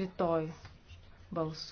rytoj balsų.